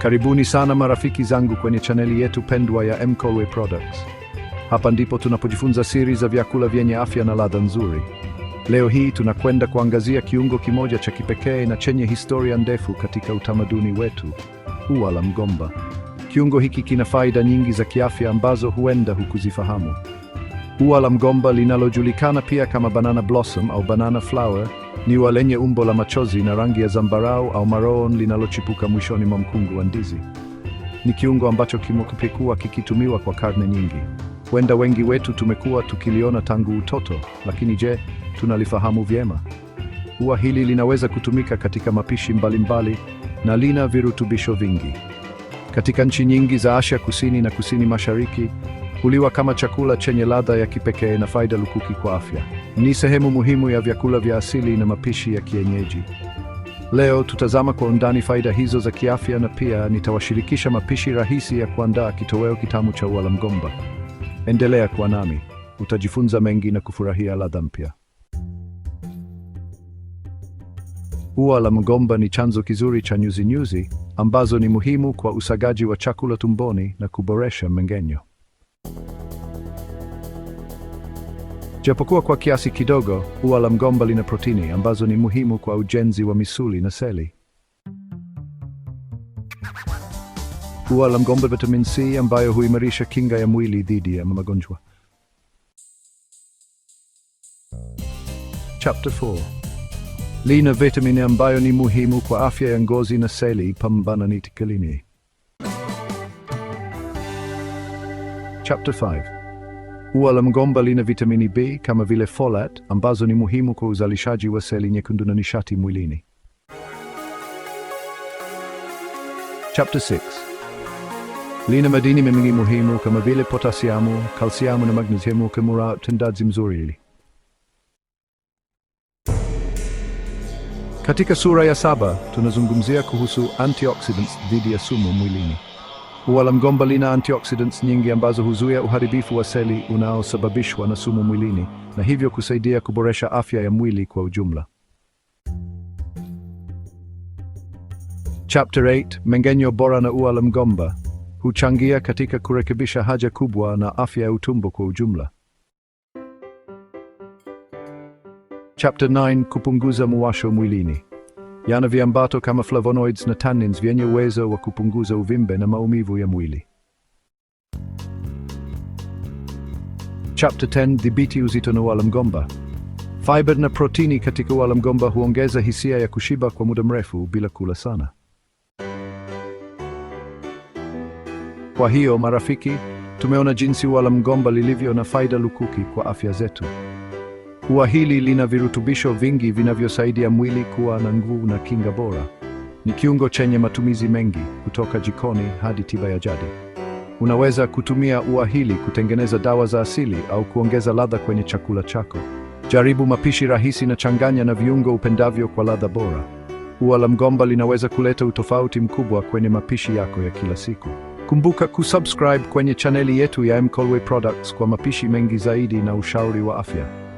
Karibuni sana marafiki zangu kwenye chaneli yetu pendwa ya M Products. Hapa ndipo tunapojifunza siri za vyakula vyenye afya na ladha nzuri. Leo hii tunakwenda kuangazia kiungo kimoja cha kipekee na chenye historia ndefu katika utamaduni wetu, ua la mgomba. Kiungo hiki kina faida nyingi za kiafya ambazo huenda hukuzifahamu. Ua la mgomba linalojulikana pia kama banana blossom au banana flower ni lenye umbo la machozi na rangi ya zambarau au maroon linalochipuka mwishoni mwa mkungu wa ndizi. Ni kiungo ambacho kimekuwa kikitumiwa kwa karne nyingi. Huenda wengi wetu tumekuwa tukiliona tangu utoto, lakini je, tunalifahamu vyema? Ua hili linaweza kutumika katika mapishi mbalimbali na lina virutubisho vingi. Katika nchi nyingi za Asia Kusini na Kusini Mashariki, Huliwa kama chakula chenye ladha ya kipekee na faida lukuki kwa afya. Ni sehemu muhimu ya vyakula vya asili na mapishi ya kienyeji. Leo tutazama kwa undani faida hizo za kiafya na pia nitawashirikisha mapishi rahisi ya kuandaa kitoweo kitamu cha ua la mgomba. Endelea kuwa nami, utajifunza mengi na kufurahia ladha mpya. Ua la mgomba ni chanzo kizuri cha nyuzinyuzi ambazo ni muhimu kwa usagaji wa chakula tumboni na kuboresha mmeng'enyo. japokuwa kwa kiasi kidogo. Ua la mgomba lina protini ambazo ni muhimu kwa ujenzi wa misuli na seli. Ua la mgomba vitamin C ambayo huimarisha kinga ya mwili dhidi ya magonjwa. Chapter 4 lina vitamini ambayo ni muhimu kwa afya ya ngozi na seli pambana na Chapter 5 Huwa la mgomba lina vitamini B kama vile folate ambazo ni muhimu kwa uzalishaji wa seli nyekundu na nishati mwilini. Chapter 6 lina madini mengi muhimu kama vile potasiamu, kalsiamu na magnesiamu kwa utendaji mzuri. Katika sura ya saba tunazungumzia kuhusu antioxidants dhidi ya sumu mwilini mgomba lina antioxidants nyingi ambazo huzuia uharibifu wa seli unaosababishwa na sumu mwilini na hivyo kusaidia kuboresha afya ya mwili kwa ujumla. Chapter 8: Mengenyo bora na mgomba huchangia katika kurekebisha haja kubwa na afya ya utumbo kwa ujumla. Chapter 9: Kupunguza muwasho mwilini. Yana viambato kama flavonoids na tannins vyenye uwezo wa kupunguza uvimbe na maumivu ya mwili. Chapter 10: dhibiti uzito na wala mgomba. Fiber na protini katika wala mgomba huongeza hisia ya kushiba kwa muda mrefu bila kula sana. Kwa hiyo marafiki, tumeona jinsi wala mgomba lilivyo na faida lukuki kwa afya zetu. Ua hili lina virutubisho vingi vinavyosaidia mwili kuwa na nguvu na kinga bora. Ni kiungo chenye matumizi mengi, kutoka jikoni hadi tiba ya jadi. Unaweza kutumia ua hili kutengeneza dawa za asili au kuongeza ladha kwenye chakula chako. Jaribu mapishi rahisi na changanya na viungo upendavyo kwa ladha bora. Ua la mgomba linaweza kuleta utofauti mkubwa kwenye mapishi yako ya kila siku. Kumbuka kusubscribe kwenye chaneli yetu ya Mkolwe Products kwa mapishi mengi zaidi na ushauri wa afya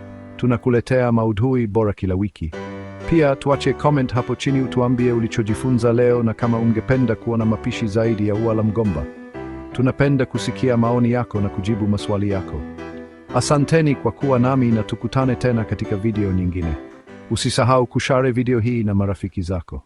tunakuletea maudhui bora kila wiki. Pia tuache comment hapo chini utuambie ulichojifunza leo na kama ungependa kuona mapishi zaidi ya ua la mgomba. Tunapenda kusikia maoni yako na kujibu maswali yako. Asanteni kwa kuwa nami na tukutane tena katika video nyingine. Usisahau kushare video hii na marafiki zako.